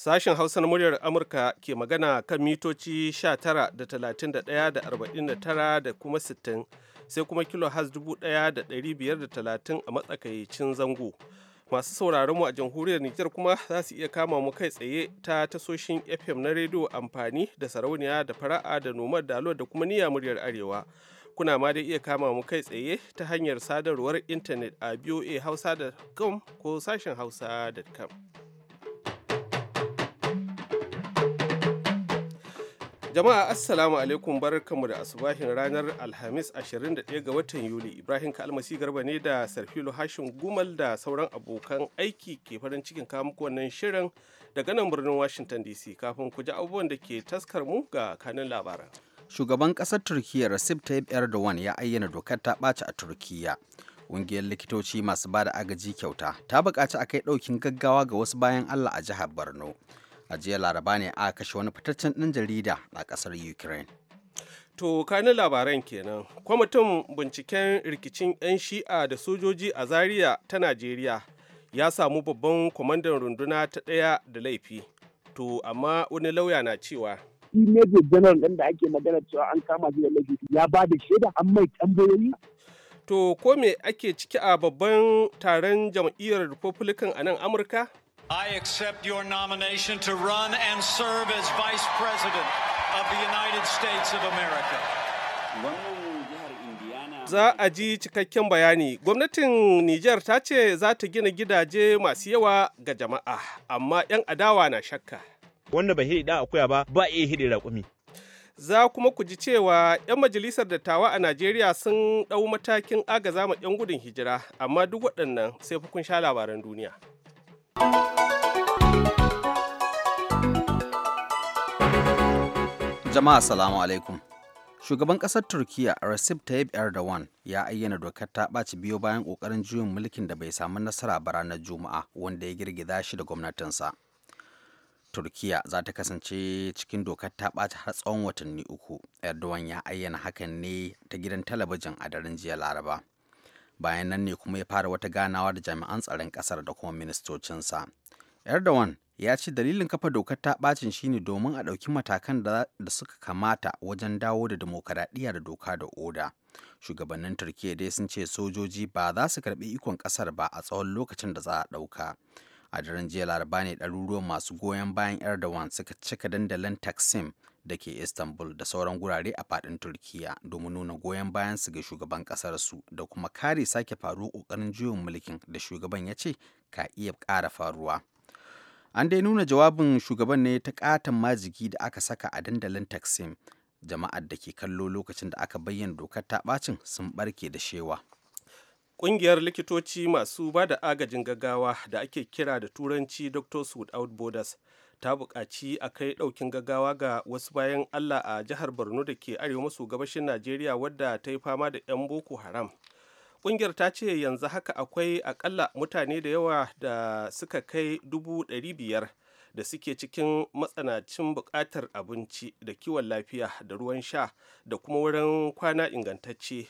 Sashen Hausa na muryar Amurka ke magana kan mitoci 19 da 31 da 49 da kuma 60 sai kuma kilo has 1530 a matsakaicin zango. Masu sauraron mu a jamhuriyar Nijar kuma za su iya kama mu kai tsaye ta tasoshin FM na rediyo amfani da sarauniya da fara'a da nomar dalo da kuma niyya muryar Arewa. Kuna ma dai iya kama mu kai tsaye ta hanyar sadarwar intanet a hausa.com ko sashen hausa.com. Jama'a Assalamu alaikum barkanmu da asubahin ranar Alhamis 21 ga watan Yuli. Ibrahim Kalmasi Garba ne da Sarfilu Hashin Gumal da sauran abokan aiki ke farin cikin muku wannan shirin daga nan birnin Washington DC kafin ku ji abubuwan da ke taskar mu ga kanin labaran. Shugaban ƙasar Turkiyya Recep Tayyip Erdogan ya ayyana dokar ta ɓaci a Turkiyya. Ƙungiyar likitoci masu bada agaji kyauta ta buƙaci a kai ɗaukin gaggawa ga wasu bayan Allah a jihar Borno. a jiya laraba ne a kashe wani fitaccen ɗan jarida a ƙasar ukraine to kanin labaran kenan kwamitin binciken rikicin 'yan shi'a da sojoji a zaria ta najeriya ya samu babban kwamandan runduna ta ɗaya da laifi to amma wani lauya na cewa shi major general ɗin da ake magana cewa an kama shi da laifi ya ba da shaida an mai tambayoyi to ko me ake ciki a babban taron jam'iyyar republican a nan amurka I accept your nomination to run and serve as Vice President of the United States of America. Za a ji cikakken bayani, gwamnatin Nijar ta ce za ta gina gidaje masu yawa ga jama'a, amma 'yan adawa na shakka. Wanda bai hidi akuya ba, ba iya hidi raƙumi. za kuma ku ji cewa 'yan majalisar dattawa a Najeriya sun ɗau matakin agaza ma 'yan gudun hijira, amma duk waɗannan sai kun sha labaran duniya. Jama'a salamu alaikum. Shugaban ƙasar Turkiyya Recep Tayyip Erdogan ya ayyana dokar ta ɓaci biyo bayan ƙoƙarin juyin mulkin da bai samu nasara ba ranar Juma'a wanda ya girgiza shi da gwamnatinsa. turkiya za ta kasance cikin dokar ta ɓaci har tsawon watanni uku. Erdogan ya ayyana hakan ne ta gidan talabijin a daren jiya Laraba. bayan nan ne kuma ya fara wata ganawa da jami'an tsaron kasar da kuma ministocinsa erdogan ya ce dalilin kafa dokar ta bacin shine domin a ɗauki matakan da suka kamata wajen dawo da demokaradiyya da doka da oda shugabannin turkiyya dai sun ce sojoji ba za su karɓi ikon ƙasar ba a tsawon lokacin da za a ɗauka a daren jiya laraba ne ɗaruruwan masu goyon bayan erdogan suka cika dandalin taksim da ke Istanbul da sauran gurare a fadin Turkiyya domin nuna goyon bayan su ga shugaban su da kuma kare sake faru ƙoƙarin juyin mulkin da shugaban ya ce ka iya ƙara faruwa. An dai nuna jawabin shugaban ne ta ƙaton majigi da aka saka a dandalin Taksim. Jama'ar da ke kallo lokacin da aka bayyana dokar ta ɓacin sun barke da shewa. kungiyar likitoci masu ba da agajin gaggawa da ake kira da Turanci Doctors Without Borders ta buƙaci a kai ɗaukin gaggawa ga wasu bayan Allah a jihar Borno da ke arewa maso gabashin Najeriya wadda ta yi fama da 'yan Boko Haram. Ƙungiyar ta ce yanzu haka akwai akalla mutane da yawa da suka kai dubu ɗari biyar da suke cikin matsanancin buƙatar abinci da kiwon lafiya da ruwan sha da kuma wurin kwana ingantacce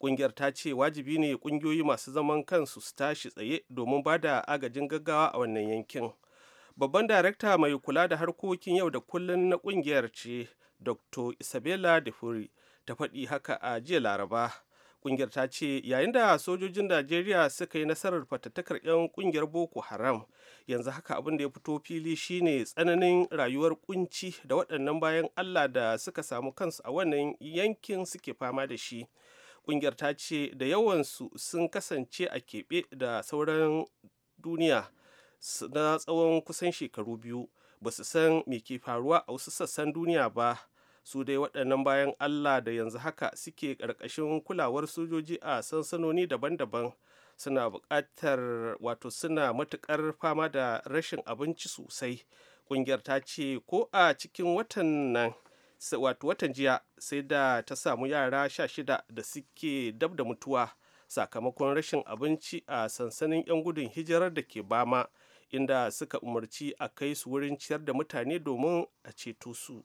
ƙungiyar ta ce wajibi ne ƙungiyoyi masu zaman kansu su tashi tsaye domin ba da agajin gaggawa a wannan yankin babban darakta mai kula da harkokin yau da kullun na kungiyar ce dr isabella defuri ta faɗi haka a jiya laraba kungiyar ta ce yayin da sojojin najeriya suka yi nasarar fatattakar 'yan kungiyar boko haram yanzu haka abin da ya fito fili shine tsananin rayuwar kunci da waɗannan bayan allah da suka samu kansu a wannan yankin suke fama da shi kungiyar ta ce da yawansu sun kasance a keɓe da sauran duniya na tsawon kusan shekaru biyu ba su san me ke faruwa a wasu sassan duniya ba su dai waɗannan bayan allah da yanzu haka suke ƙarƙashin kulawar sojoji a sansanoni daban-daban suna buƙatar wato suna matuƙar fama da rashin abinci sosai ƙungiyar ta ce ko a cikin watan nan wato watan jiya sai da ta samu yara sha shida da suke dab da mutuwa sakamakon rashin abinci a sansanin 'yan gudun hijirar da ke bama inda suka umarci a kai su wurin ciyar da mutane domin a ceto su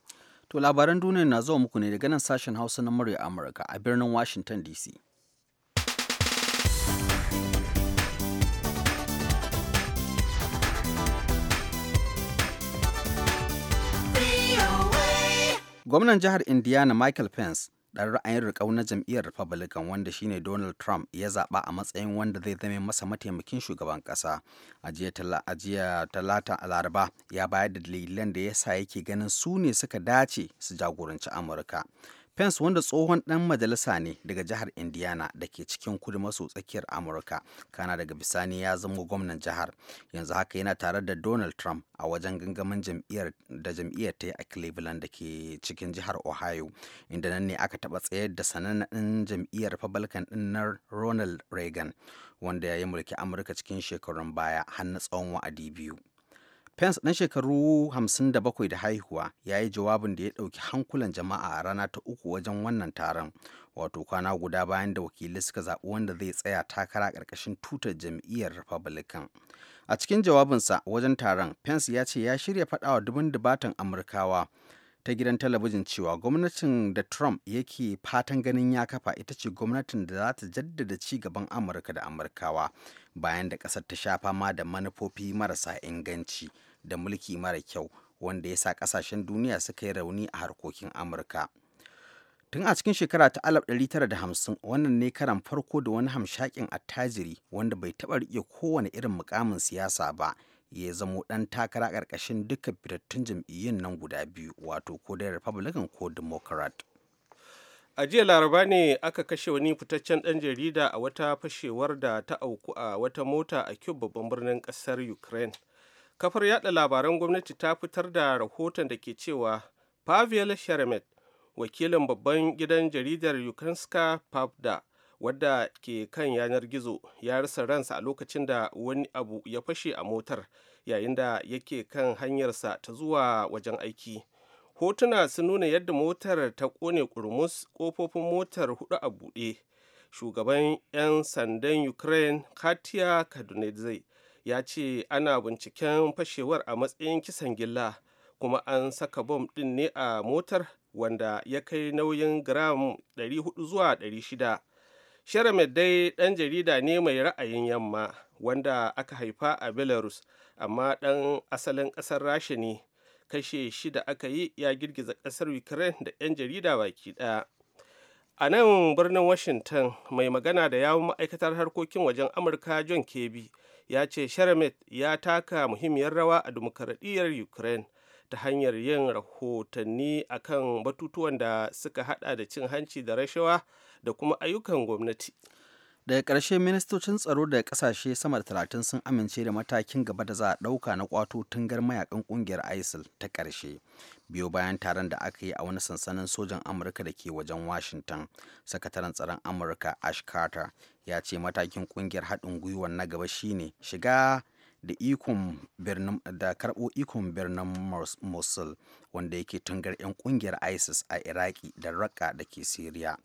to labaran duniya na zuwa muku ne daga nan sashen hausa na murya amurka a birnin washington dc gwamnan jihar indiana michael pence dan ra'ayin riƙau na jam'iyyar republican wanda shine donald trump ya zaɓa a matsayin wanda zai zame masa mataimakin shugaban ƙasa a jiya talata laraba ya bayar da dalilan da ya sa yake ganin su ne suka dace su jagoranci amurka Pence wanda tsohon ɗan majalisa ne daga jihar Indiana da ke cikin kudu maso tsakiyar Amurka, kana daga bisani ya zama gwamnan jihar. Yanzu haka yana tare da Donald Trump a wajen gangamin jam'iyyar da jam'iyyar ta yi a Cleveland da ke cikin jihar Ohio, inda nan ne aka taɓa tsayar da sanannen jam'iyyar Republican ɗin na Ronald Reagan, wanda ya yi mulki Amurka cikin shekarun baya har na tsawon wa'adi biyu. Pence ɗan shekaru 57 da haihuwa ya yi jawabin da ya ɗauki hankulan jama'a a rana ta uku wajen wannan taron, wato kwana guda bayan da wakilai suka zaɓi wanda zai tsaya takara ƙarƙashin tutar jam'iyyar Republican. A cikin jawabinsa wajen taron, Pence ya ce ya shirya faɗawa dubin dubatan Amurkawa ta gidan talabijin cewa gwamnatin da Trump yake fatan ganin ya kafa ita ce gwamnatin da za ta jaddada ci gaban Amurka da Amurkawa bayan da ƙasar ta sha fama da manufofi marasa inganci. da mulki mara kyau wanda ya sa kasashen duniya suka yi rauni a harkokin amurka tun a cikin shekara ta 1950 wannan ne karan farko da wani hamshakin attajiri wanda bai taɓa riƙe kowane irin mukamin siyasa ba ya zamo ɗan takara ƙarƙashin dukkan fitattun jam'iyyun nan guda biyu wato ko dai republican ko democrat a jiya laraba ne aka kashe wani fitaccen ɗan jarida a wata fashewar da ta auku a wata mota a kyau babban birnin ƙasar ukraine kafar yada labaran gwamnati ta fitar da rahoton da ke cewa pavel sheremet wakilin babban gidan jaridar yukanska pavda wadda ke kan yanar gizo ya rasa ransa a lokacin da wani abu ya fashe a motar yayin da yake kan hanyarsa ta zuwa wajen aiki hotuna sun nuna yadda motar ta kone kurmus kofofin motar hudu a buɗe shugaban 'yan sandan ukraine katia kadunezai ya ce ana binciken fashewar a matsayin kisan gilla kuma an saka bom ɗin ne a motar wanda ya kai nauyin gram 400 zuwa 600 sharamed dai ɗan jarida ne mai ra'ayin yamma wanda aka haifa a belarus amma ɗan asalin ƙasar rasha ne kashe shida aka yi ya girgiza ƙasar ukraine da 'yan jarida baki ɗaya a nan birnin washington mai magana da yawon ma'aikatar harkokin wajen amurka john kebi ya ce sharamet ya taka muhimmiyar rawa a demokaradiyyar ukraine ta hanyar yin rahotanni akan batutuwan da suka hada da cin hanci da rashawa da kuma ayyukan gwamnati daga ƙarshe ministocin tsaro da ƙasashe sama da talatin sun amince da matakin gaba da za a ɗauka na kwato tungar mayakan ƙungiyar isil ta ƙarshe biyo bayan taron da aka yi a wani sansanin sojan amurka da ke wajen washington sakataren tsaron amurka ash carter ya ce matakin ƙungiyar haɗin gwiwa na gaba shine shiga da ikon birnin da karɓo ikon birnin mosul wanda yake tungar 'yan kungiyar isis a iraki da raqqa da ke siriya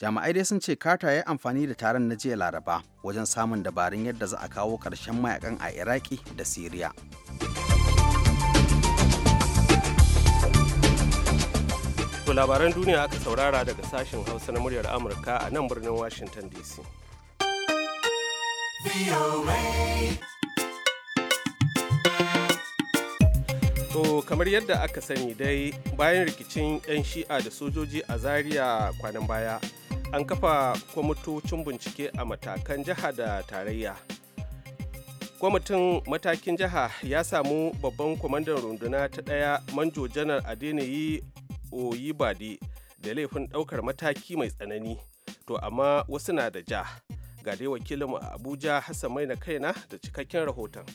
jami'ai dai sun ce kata ya yi amfani da taron na jiya laraba wajen samun dabarun yadda za a kawo ƙarshen mayakan a iraki da siriya To labaran duniya aka saurara daga sashen hausa na muryar amurka a nan birnin washington dc To kamar yadda aka sani dai bayan rikicin 'yan shi'a da sojoji a zaria kwanan baya an kafa kwamitocin bincike a matakan jiha da tarayya. Kwamitin matakin jiha ya samu babban kwamandan runduna ta ɗaya manjo janar Adeniyi Oyibade da laifin ɗaukar mataki mai tsanani. To amma wasu na da ja. Ga dai wakilinmu a Abuja Hassan mai na kaina da cikakken rahoton.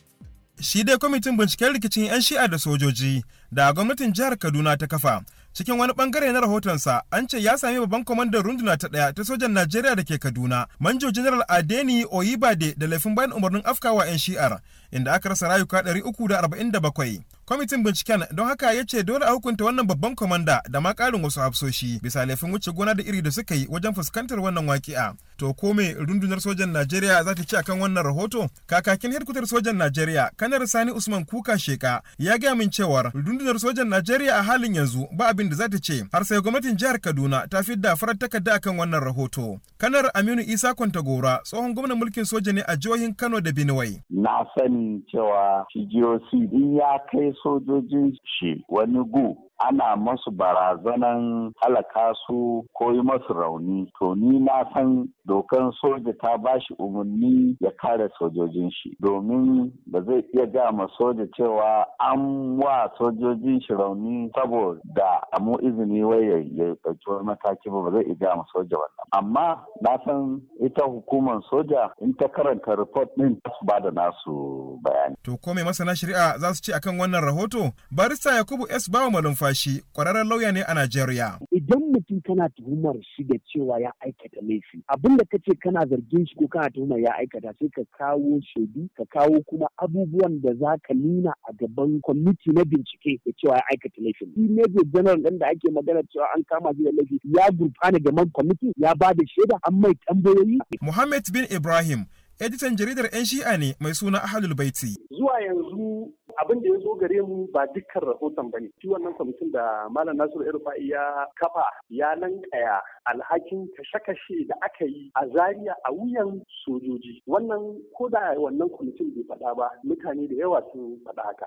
shi dai kwamitin binciken rikicin 'yan shi'a da sojoji da gwamnatin jihar kaduna ta kafa cikin wani bangare na rahotonsa an ce ya sami babban kwamandan runduna ta daya ta sojan najeriya da ke kaduna manjo general adeni oyibade da laifin bayan umarnin afkawa 'yan shi'ar inda aka rasa rayuka 347 kwamitin binciken don haka ya ce dole a hukunta wannan babban kwamanda da ma ƙarin wasu hafsoshi bisa laifin wuce gona da iri da suka yi wajen fuskantar wannan waƙi'a to ko me rundunar sojan najeriya za ta ci akan wannan rahoto kakakin hedkwatar sojan najeriya kanar sani usman kuka sheka ya gaya min cewar rundunar sojan najeriya a halin yanzu ba abin da za ta ce har sai gwamnatin jihar kaduna ta fi da farar takarda akan wannan rahoto kanar aminu isa kwantagora tsohon gwamnan mulkin soja ne a jihohin kano da benue na sani cewa cgoc in ya kai sojoji shi wani gu ana masu barazanan halaka su ko yi masu rauni to ni na san dokan soja ta ba shi umarni ya kare sojojin shi domin ba zai iya ga ma soja cewa an wa sojojin shi rauni saboda a mu izini wai ya ɗauki wani mataki ba zai iya ga ma soja wannan amma na san ita hukumar soja in ta karanta report din su ba da nasu bayani to ko mai masana shari'a za su ce akan wannan rahoto barista yakubu s bawa malumfa numfashi kwararren lauya ne a Najeriya. Idan mutum kana tuhumar shi da cewa ya aikata laifi, abin da kace kana zargin shi ko kana tuhumar ya aikata sai ka kawo shaidu, ka kawo kuma abubuwan da za ka nuna a gaban kwamiti na bincike da cewa ya aikata laifi Shi ne general ɗin da ake magana cewa an kama shi da laifi ya gurfana gaban kwamiti ya ba da shaida an mai tambayoyi. Muhammad bin Ibrahim editan jaridar 'yan shi'a ne mai suna ahalul baiti. Zuwa yanzu abin da ya zo gare mu ba dukkan rahoton ba ne shi wannan kwamitin da malam nasiru irfa'i ya kafa ya lankaya alhakin kashe-kashe da aka yi a Zariya a wuyan sojoji wannan ko da wannan kwamitin bai faɗa ba mutane da yawa sun faɗa haka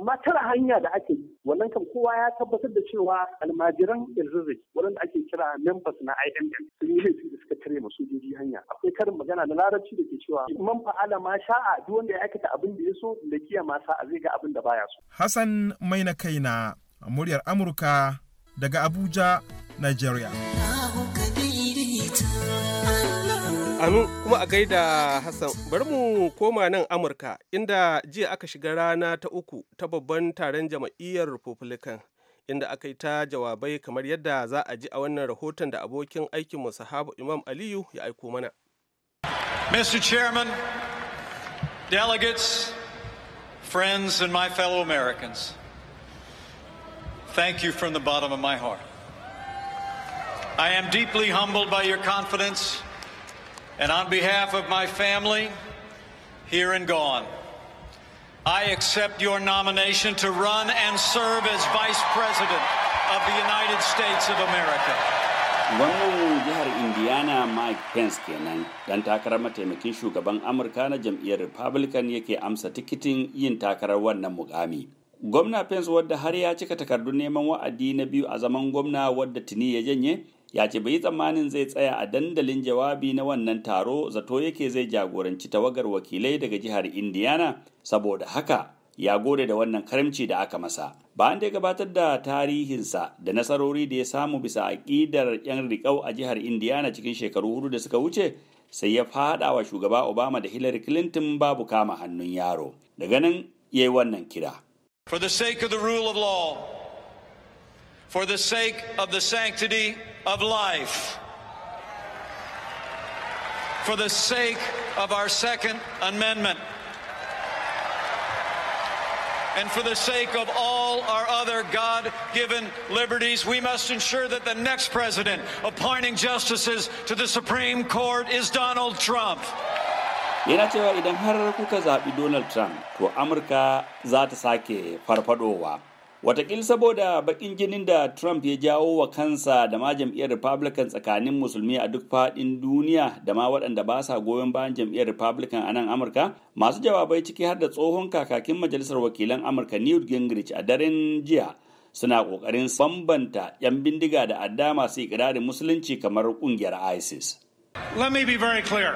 amma tara hanya da ake yi wannan kam kowa ya tabbatar da cewa almajiran irzizi waɗanda ake kira members na IMM sun yi laifi da suka tare ma sojoji hanya akwai karin magana na larabci da ke cewa man fa'ala ma sha'a duk wanda ya aikata abin da ya so da kiyama sa'a zai ga abin da baya so. Hassan mai na kai kaina muryar Amurka daga Abuja, Nigeria. Anu kuma a gaida Hassan bari mu koma nan Amurka inda jiya aka shiga rana ta uku ta babban taron jama'iyyar Republican inda aka yi ta jawabai kamar yadda za a ji a wannan rahoton da abokin aikinmu sahabu Imam Aliyu ya aiko mana. Mr. Chairman, delegates, friends, and my fellow Americans, thank you from the bottom of my heart. I am deeply humbled by your confidence, and on behalf of my family, here and gone, I accept your nomination to run and serve as Vice President of the United States of America. Wow. indiana mike pence kenan dan takarar mataimakin shugaban amurka na jam'iyyar republican yake amsa tikitin yin takarar wannan mukami gwamna pence wadda har ya cika takardun neman wa'adi na biyu a zaman gwamna wadda tuni ya janye ya ce bai tsammanin zai tsaya a dandalin jawabi na wannan taro zato yake zai jagoranci tawagar wakilai daga jihar indiana saboda haka ya gode da wannan karamci da aka masa bayan da ya gabatar da tarihinsa da nasarori da ya samu bisa aƙidar 'yan riƙau a jihar indiana cikin shekaru hudu da suka wuce sai ya faɗa wa shugaba obama da hillary clinton babu kama hannun yaro daga nan ya yi wannan kira for the sake of the rule of law for the sake of the sanctity of life for the sake of our second amendment and for the sake of all our other God given liberties, we must ensure that the next president appointing justices to the Supreme Court is Donald Trump. Yana cewa idan har kuka zaɓi Donald Trump, to Amurka za ta sake farfadowa. watakil saboda bakin ginin da trump ya jawo wa kansa da ma jam'iyyar republican tsakanin musulmi a duk faɗin duniya da ma waɗanda ba sa goyon bayan jam'iyyar republican a nan amurka masu jawabai ciki har da tsohon kakakin majalisar wakilan amurka newt gingrich a daren jiya suna ƙoƙarin bambanta 'yan bindiga da adda masu ikirarin musulunci kamar ƙungiyar isis let me be very clear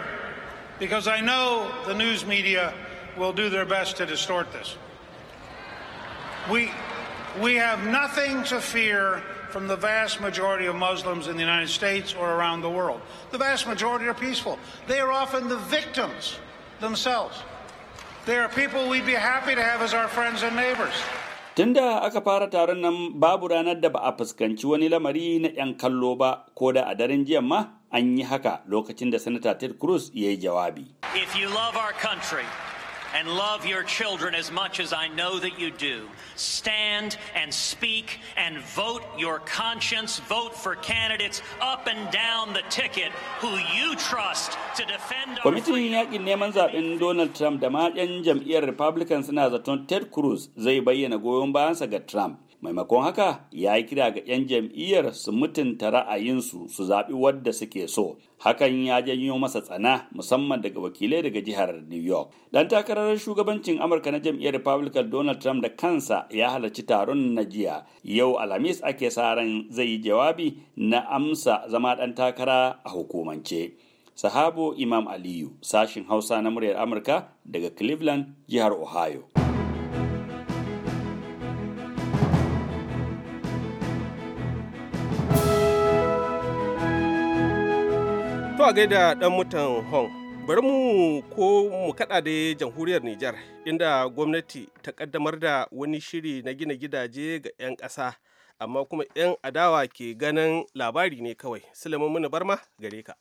because i know the news media will do their best to distort this we We have nothing to fear from the vast majority of Muslims in the United States or around the world. The vast majority are peaceful. They are often the victims themselves. They are people we'd be happy to have as our friends and neighbors. Tun da aka fara taron nan babu ranar da ba a fuskanci wani lamari na 'yan kallo ba ko da a daren jiya ma an yi haka lokacin da Sanata Ted Cruz ya yi jawabi. If you love our country, and love your children as much as I know that you do. Stand and speak and vote your conscience. Vote for candidates up and down the ticket who you trust to defend our Kwamitin neman Donald Trump da jam'iyyar Republican suna zaton Ted Cruz zai bayyana goyon bayansa ga Trump. maimakon haka ya yi kira ga 'yan jam'iyyar su mutunta ra'ayinsu su zaɓi wadda suke so hakan ya janyo masa tsana musamman daga wakilai daga jihar new york dan takarar shugabancin amurka na jam'iyyar republican donald trump da kansa ya halarci taron na jiya yau alhamis ake sa ran zai yi jawabi na amsa zama ɗan takara a hukumance sahabo imam aliyu sashin hausa na muryar amurka daga cleveland jihar ohio a da ɗan mutan Hong. Bari mu ko mu kaɗa da jamhuriyar Nijar inda gwamnati ta ƙaddamar da wani shiri na gina gidaje ga 'yan ƙasa amma kuma 'yan adawa ke ganin labari ne kawai. Suleiman muna Barma gare ka.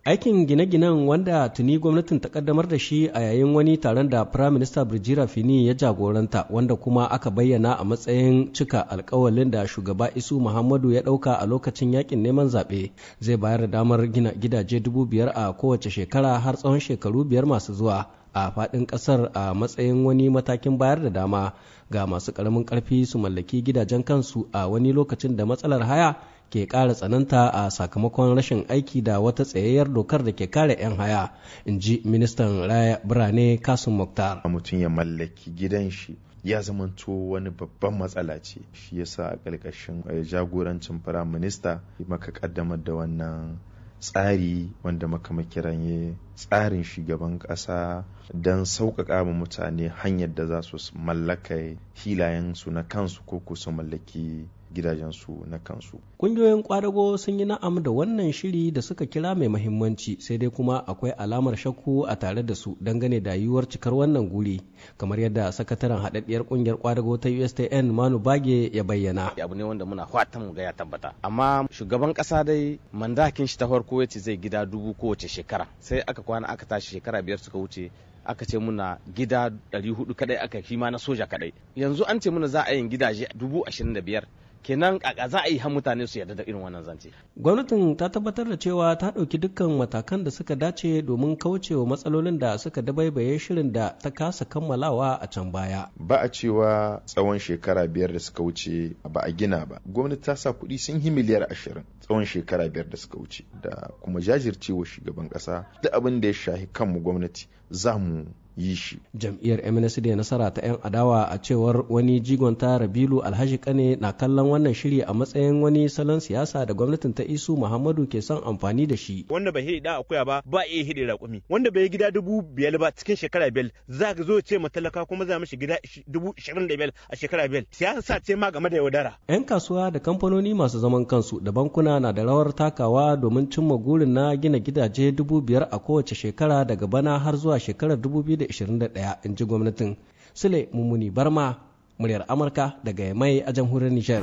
Aikin gine-ginen wanda tuni gwamnatin ta kaddamar da shi a yayin wani taron da Prime Minister Birjira Fini ya jagoranta wanda kuma aka bayyana a matsayin cika alkawalin da shugaba Isu Muhammadu ya ɗauka a lokacin yakin neman zaɓe zai bayar da damar gina gidaje dubu biyar a kowace shekara har tsawon shekaru biyar masu zuwa a faɗin ƙasar a matsayin wani matakin bayar da dama ga masu ƙaramin ƙarfi su mallaki gidajen kansu a wani lokacin da matsalar haya ke ƙara tsananta a sakamakon rashin aiki da wata tsayayyar dokar da ke kare 'yan haya in ji ministan raya birane kasim muktar mutum ya mallaki gidan shi ya zamanto wani babban matsala ce shi yasa a ƙarƙashin eh, jagorancin firayim minista maka ƙaddamar da wannan tsari wanda makamakiran tsarin shugaban ƙasa don sauƙaƙa ma mutane hanyar da za su mallaka hilayensu na kansu ko su mallaki gidajensu na kansu. Kungiyoyin kwadago sun yi na'am da wannan shiri da suka kira mai mahimmanci sai dai kuma akwai alamar shakku a tare da su dangane da yiwuwar cikar wannan guri kamar yadda sakataren haɗaɗɗiyar kungiyar kwadago ta USTN Manu Bage ya bayyana. Abu ne wanda muna fatan mu ga ya tabbata amma shugaban ƙasa dai mandakin shi ta farko yace zai gida dubu wace shekara sai aka kwana aka tashi shekara biyar suka wuce aka ce muna gida 400 kadai aka shi ma na soja kadai yanzu an ce muna za a yin gidaje 25,000 kenan a za a yi har mutane su yarda da irin wannan zance gwamnatin ta tabbatar da cewa ta ɗauki dukkan matakan da suka dace domin kauce wa matsalolin da suka dabaibaye shirin da ta kasa kammalawa a can baya ba a cewa tsawon shekara biyar da suka wuce ba a gina ba gwamnati ta sa kuɗi sun yi miliyar ashirin tsawon shekara biyar da suka wuce da kuma jajircewa shugaban ƙasa duk abin da ya shahi kanmu gwamnati za mu yi shi jam'iyyar MNSD nasara ta 'yan adawa a cewar wani jigon ta Rabilu Alhaji Kane na kallon wannan shiri a matsayin wani salon siyasa da gwamnatin ta Isu Muhammadu ke son amfani da shi wanda bai hidi da akuya ba ba iya hidi raƙumi wanda bai gida dubu biyar ba cikin shekara biyar za ka zo ce matalaka kuma za mishi gida dubu ishirin da biyar a shekara biyar siyasa ce ma game da yaudara 'yan kasuwa da kamfanoni masu zaman kansu da bankuna na da rawar takawa domin cimma gurin na gina gidaje dubu biyar a kowace shekara daga bana har zuwa shekarar dubu biyu da 2021 in ji gwamnatin sule mummuni barma muryar amurka daga mai a jamhuriyar nijar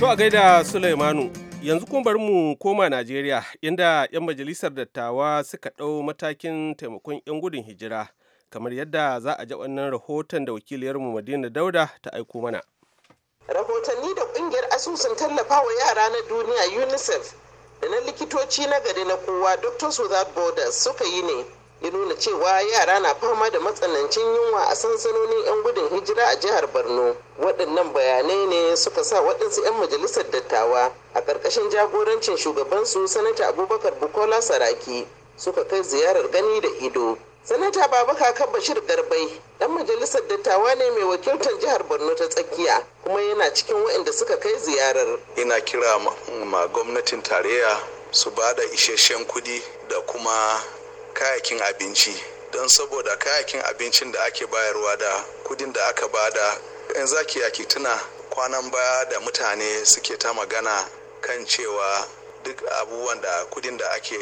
to a gaida suleimanu yanzu kuma bari mu koma najeriya inda 'yan majalisar dattawa suka ɗau matakin taimakon 'yan gudun hijira kamar yadda za a ji wannan rahoton da wakiliyarmu madina dauda ta aiko mana rahotanni da kungiyar asusun tallafa wa yara na duniya unicef da na likitoci na gari na kowa doctors without borders suka yi ne ya nuna cewa yara na fama da matsanancin yunwa a sansanonin 'yan gudun hijira a jihar borno waɗannan bayanai ne suka sa waɗansu 'yan majalisar dattawa a ƙarƙashin jagorancin shugabansu sanata abubakar bukola saraki suka kai ziyarar gani da ido sanata baba kakan bashir garbai dan majalisar dattawa ne mai wakiltar jihar borno ta tsakiya kuma yana cikin waɗanda suka kai ziyarar ina kira ma gwamnatin tarayya su ba da isasshen kudi da kuma kayakin abinci don saboda kayakin abincin da ake bayarwa da kudin da aka bada yan zaki yaki tuna kwanan baya da mutane suke ta magana kan cewa duk abubuwan da kudin da ake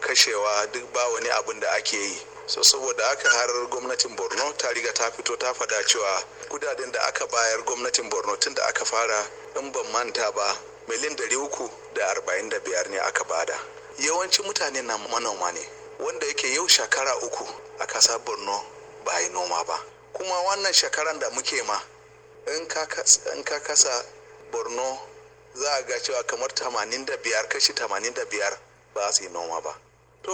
kashewa duk ba wani abin da ake yi so saboda aka har gwamnatin borno ta riga ta fito ta fada cewa kudaden da aka bayar gwamnatin borno tun da aka fara in ban manta ba miliyan dari uku da arba'in da biyar ne aka bada yawancin mutane na manoma ne wanda yake yau shekara uku a kasa borno ba yi noma ba kuma wannan shekaran da muke ma in ka kasa borno za a ga cewa kamar 85 kashi 85 ba su yi noma ba to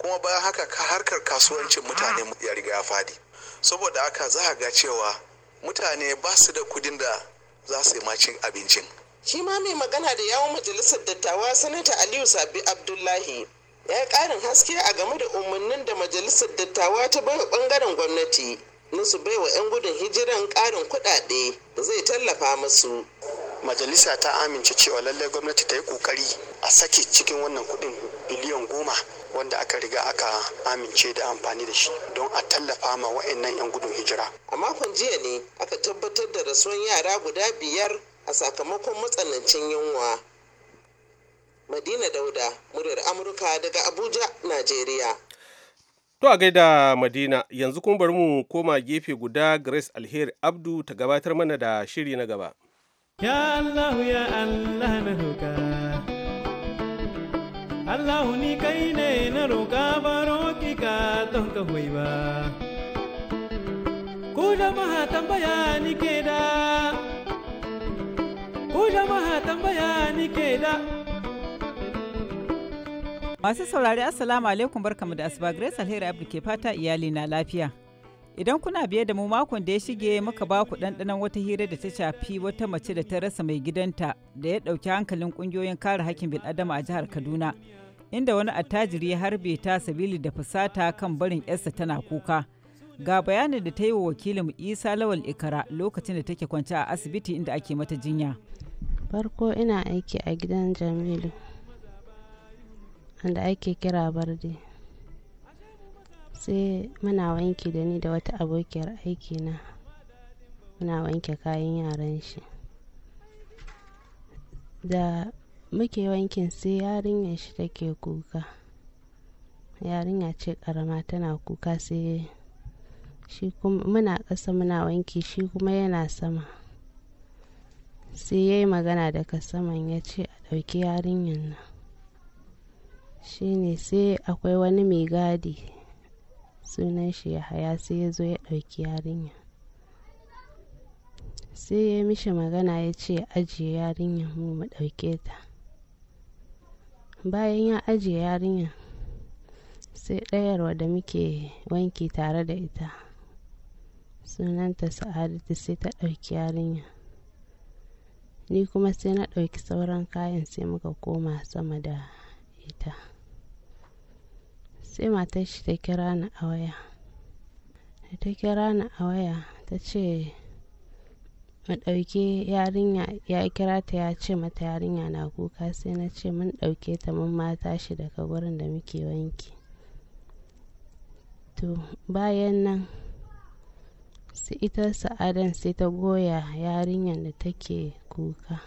kuma bayan haka harkar kasuwancin mutane ya riga ya fadi saboda haka za ga cewa mutane ba su da kudin da za su yi macin abincin shi ma mai magana da yawon majalisar dattawa sanata aliyu sabi abdullahi ya yi karin haske a game da umarnin da majalisar dattawa ta baiwa bangaren gwamnati na su baiwa 'yan gudun hijiran karin kudade da zai tallafa musu majalisa ta amince cewa lallai gwamnati ta yi kokari a sake cikin wannan kudin biliyan goma wanda aka riga aka amince da amfani da shi don a tallafa ma wa'annan 'yan gudun hijira. A makon jiya ne aka tabbatar da rasuwar yara guda biyar a sakamakon matsanancin yunwa. Madina Dauda, muryar Amurka daga Abuja, Najeriya. To a gaida Madina, yanzu kuma bari mu koma gefe guda Grace Alheri Abdu ta gabatar mana da shiri na gaba. Ya Allah ya Allah na roƙa. Allah ni kai ne na roka baro ki ka don ka hoyi ba. Ku jama'a tambaya ni ke da, ku jama'a tambaya ni ke da. Masu saurari Assalamu alaikum barkamu da asuba Grace Alheri Abdu ke iyali na lafiya. Idan kuna biye da mu makon da ya shige muka ba ku ɗanɗanon wata hira da ta shafi wata mace da ta rasa mai gidanta da ya ɗauki hankalin ƙungiyoyin kare hakkin bil'adama a jihar Kaduna. Inda wani attajiri ya harbe ta sabili da fusata kan barin 'yarsa tana kuka. Ga bayanin da ta yi wa wakilin Isa Lawal Ikara lokacin da take kwance a asibiti inda ake mata jinya. Farko ina aiki a gidan Jamilu, wanda ake kira bardi. sai muna wanki da ni da wata abokiyar aiki na muna wanke kayan yaran shi da muke wankin sai yarinyar shi take kuka yarinya ce karama tana kuka sai shi kuma muna ƙasa muna wanki shi kuma yana sama sai ya yi magana daga saman ya ce a ɗauki yarinyar nan shi ne sai akwai wani mai gadi sunan shi ya haya sai ya zo ya ɗauki yarinya sai ya mishi magana ya ce ajiye yarinya mu mu ɗauke ta bayan ya ajiye yarinya sai ɗayarwa da muke wanki tare da ita sunanta sa'adatu sai ta ɗauki yarinya ni kuma sai na ɗauki sauran kayan sai muka koma sama da ita sai matar shi ta kira ni a waya da ta kira ni a waya ta ce mu ɗauke yarinya ya kira ta ya ce mata yarinya na kuka sai na ce mun ɗauke ta mun mata shi daga wurin da muke wanki to bayan nan sai ita sa'adan sai ta goya yarinyar da take kuka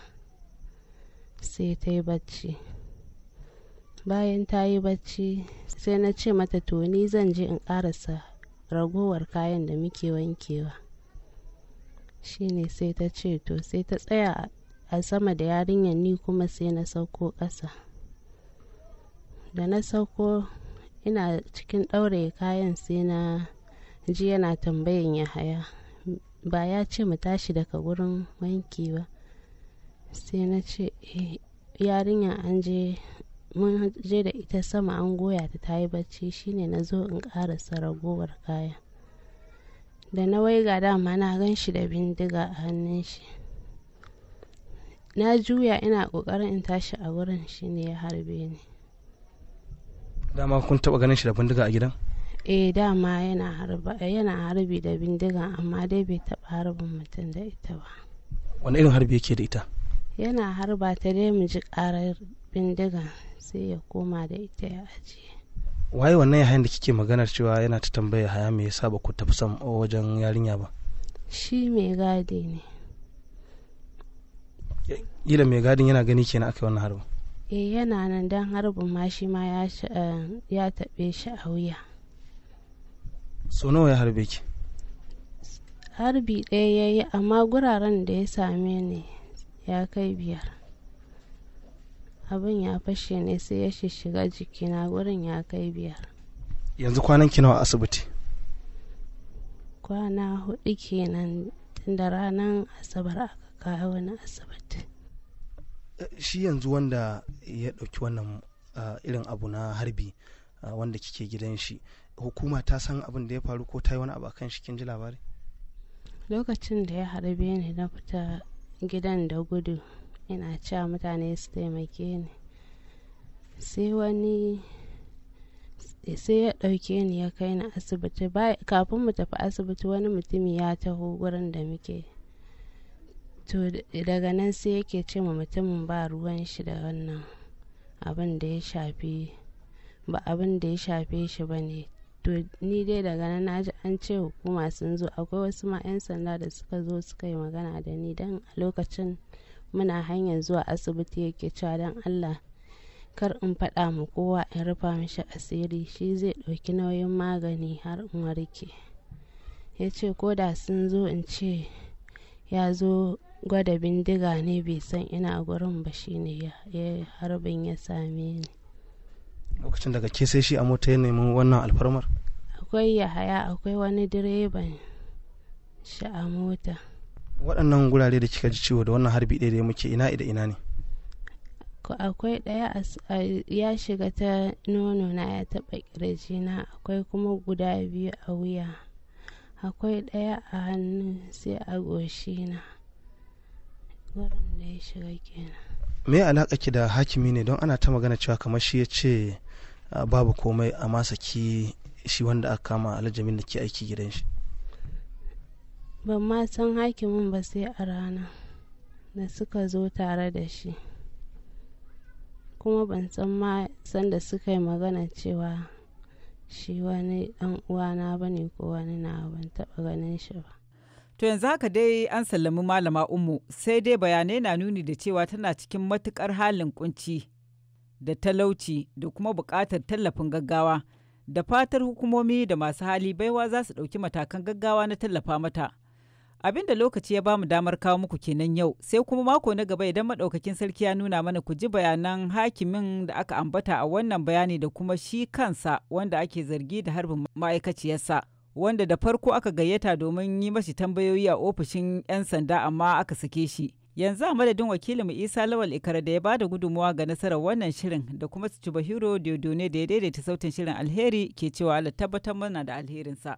sai ta yi bacci bayan ta yi bacci sai na ce mata to ni zan je in ƙarasa ragowar kayan da muke wankewa shine sai ta ce to sai ta tsaya a sama da yarinyar ni kuma sai na sauko ƙasa da na sauko ina cikin ɗauraye kayan sai na ji yana tambayan haya. ba ya ce mu tashi daga wurin wanki ba sai na ce eh, yarinya an je mun je da ita sama an goya ta ta yi bacci shine na zo in karasa ragowar kayan da na waiga dama na gan shi da bindiga a hannun shi na juya ina kokarin in tashi a wurin shi ne ya harbe ni dama kun taba ganin shi da bindiga a gidan eh dama yana harba yana harbi da bindiga amma dai bai taba harbin mutum da ita ba wani irin harbi yake da ita yana harba ta dai mu ji karar bindiga sai ya koma da ita ya ajiye waye wannan yahayan da kike maganar cewa yana ta tambaya haya me yasa ba ku tafi sam wajen yarinya ba shi mai gadi ne ila mai gadin yana gani kenan aka wannan harbin e yana nan dan harbin ma shi ma eh, ya taɓe shi a wuya so nawa ya harbe ki harbi ɗaya ya yi amma guraren da ya same ni ya kai biyar abin ya fashe ne sai ya shiga jikina gurin ya kai biyar yanzu kwanan ki nawa asibiti kwana hudu kenan da ranar asabar aka kawo wani asibiti shi yanzu wanda ya dauki wannan irin abu na harbi wanda kike gidan shi hukuma ta san abin da ya faru ko ta yi wani abu akan shi kin ji labari lokacin da ya harbe ni na fita gidan da gudu ina cewa mutane su taimake ni sai wani sai ya ɗauke ni ya kai ni asibiti kafin mu tafi asibiti wani mutum ya taho gurin da muke to daga nan sai yake ce ma mutumin ba ruwan shi da wannan abin da ya shafi ba abin da ya shafe shi ba ne to ni dai daga nan na ji an ce hukuma sun zo akwai wasu ma 'yan sanda da suka zo suka yi magana da ni don a lokacin muna hanyar zuwa asibiti yake cewa don allah kar in faɗa ma kowa in rufa mishi asiri shi zai ɗauki nauyin magani har in warke ya ce ko da sun zo in ce ya zo gwada bindiga ne bai san ina gurin ba ne ya harbin ya same ni lokacin daga ke sai shi a mota ya nemi wannan alfarmar akwai yahaya akwai wani direban shi a mota waɗannan gurare da kika ji ciwo da wannan harbi ɗaya da muke ina da ina ne akwai ɗaya ya shiga ta nono na ya taɓa ƙirji na akwai kuma guda biyu a wuya akwai ɗaya a hannu sai a goshi na wanda ya shiga kenan me alaƙa ki da hakimi ne don ana ta magana cewa kamar shi ya ce babu komai a masaki shi wanda aka kama alajamin da ke aiki gidan shi ban ma san hakimin ba sai a rana da suka zo tare da shi kuma ban san ma sanda suka yi magana cewa shi wani dan uwana ba ne ko wani na ban taɓa ganin shi ba to yanzu haka dai an sallami malama Ummu sai dai bayanai na nuni da cewa tana cikin matukar halin kunci da talauci da kuma bukatar tallafin gaggawa da fatar hukumomi da masu hali baiwa za su ɗauki matakan gaggawa na tallafa mata abin da lokaci ya bamu damar kawo muku kenan yau sai kuma mako na gaba idan madaukakin sarki ya nuna mana ku ji bayanan hakimin da aka ambata a wannan bayani da kuma shi kansa wanda ake zargi da harbin ma'aikaciyarsa wanda da farko aka gayyata domin yi mashi tambayoyi a ofishin 'yan sanda amma aka sake shi yanzu a madadin wakilinmu isa lawal ikara da ya ba da gudunmuwa ga nasarar wannan shirin da kuma su ci bahiro da ya daidaita sautin shirin alheri ke cewa ala tabbatar mana da alherinsa.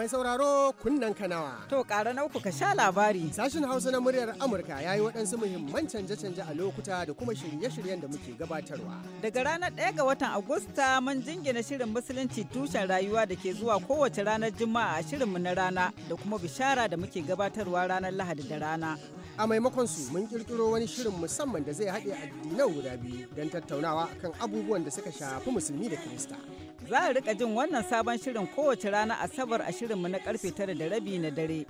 Mai sauraro kunnen kanawa. To ƙara na uku ka sha labari. Sashen Hausa na muryar Amurka ya yi waɗansu muhimman canje-canje a lokuta da kuma shirye-shiryen da muke gabatarwa. Daga ranar 1 ga watan Agusta mun jingina shirin Musulunci tushen rayuwa da ke zuwa kowace ranar Juma'a a shirinmu na rana da kuma bishara da muke gabatarwa ranar Lahadi da rana. a maimakon su mun kirkiro wani shirin musamman da zai haɗe addinan guda biyu don tattaunawa akan abubuwan da suka shafi musulmi da kirista Za a rika jin wannan sabon shirin kowace rana Asabar a shirinmu na karfe tara da rabi na dare.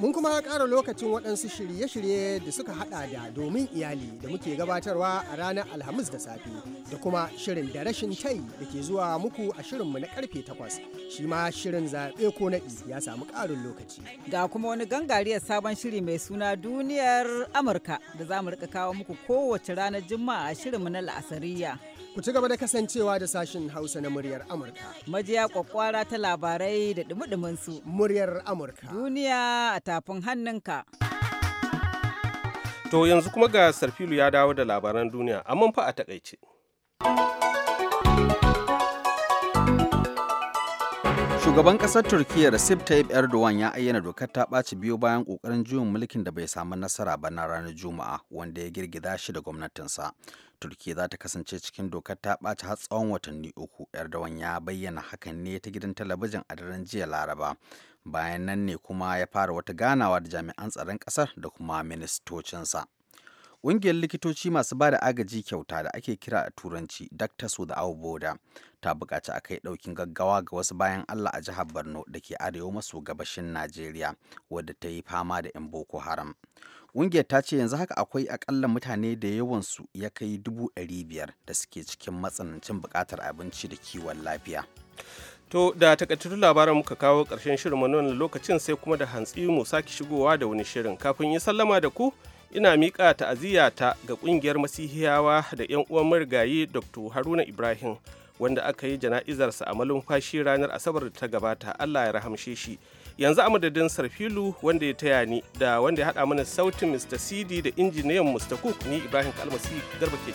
Mun kuma ƙara lokacin waɗansu shirye-shirye da suka haɗa da domin iyali da muke gabatarwa a ranar Alhamis da safe da kuma shirin da rashin tai da ke zuwa muku a shirinmu na karfe takwas. Shi ma shirin zaɓe ko naɗi ya samu ƙarin lokaci. Ga kuma wani gangariyar sabon shiri mai suna duniyar Amurka da za mu rika kawo muku kowace ranar Juma'a a shirinmu na La'asariya. Ku ci gaba da kasancewa da sashin Hausa na muryar Amurka. Majiya kwakwara ta labarai da dumi su. Muryar Amurka. Duniya a tafin hannunka. To yanzu kuma ga Sarfilu ya dawo da labaran duniya, amma fa a takaice. Shugaban ƙasar Turkiyya Recep Tayyip Erdogan ya ayyana dokar ta ɓaci biyu bayan ƙoƙarin juyin mulkin da bai samu nasara ba na ranar Juma'a wanda ya girgiza shi da gwamnatinsa. Turkiyya za ta kasance cikin dokar ta ɓaci har tsawon watanni uku. Erdogan ya bayyana hakan ne ta gidan talabijin a daren jiya Laraba. Bayan nan ne kuma ya fara wata ganawa da jami'an tsaron ƙasar da kuma ministocinsa. Ƙungiyar likitoci masu ba da agaji kyauta da ake kira a turanci Doctors Without Border ta buƙaci a kai ɗaukin gaggawa ga wasu bayan Allah a jihar Borno da ke arewa maso gabashin Najeriya wadda ta yi fama da 'yan Boko Haram. Ƙungiyar ta ce yanzu haka akwai akalla mutane da yawansu ya kai dubu ɗari biyar da suke cikin matsanancin buƙatar abinci da kiwon lafiya. To da takaitattun labaran muka kawo ƙarshen shirin wannan lokacin sai kuma da hantsi mu sake shigowa da wani shirin kafin yi sallama da ku ina miƙa ta'aziyyata ga ƙungiyar masihiyawa da 'yan uwan marigayi dr haruna ibrahim wanda aka yi jana'izarsa a malumfashi ranar asabar da ta gabata allah ya rahamshe shi yanzu a madadin sarfilu wanda ya taya ni da wanda ya haɗa mana sautin mr cd da injiniyan mr cook ni ibrahim kalmasi garba ke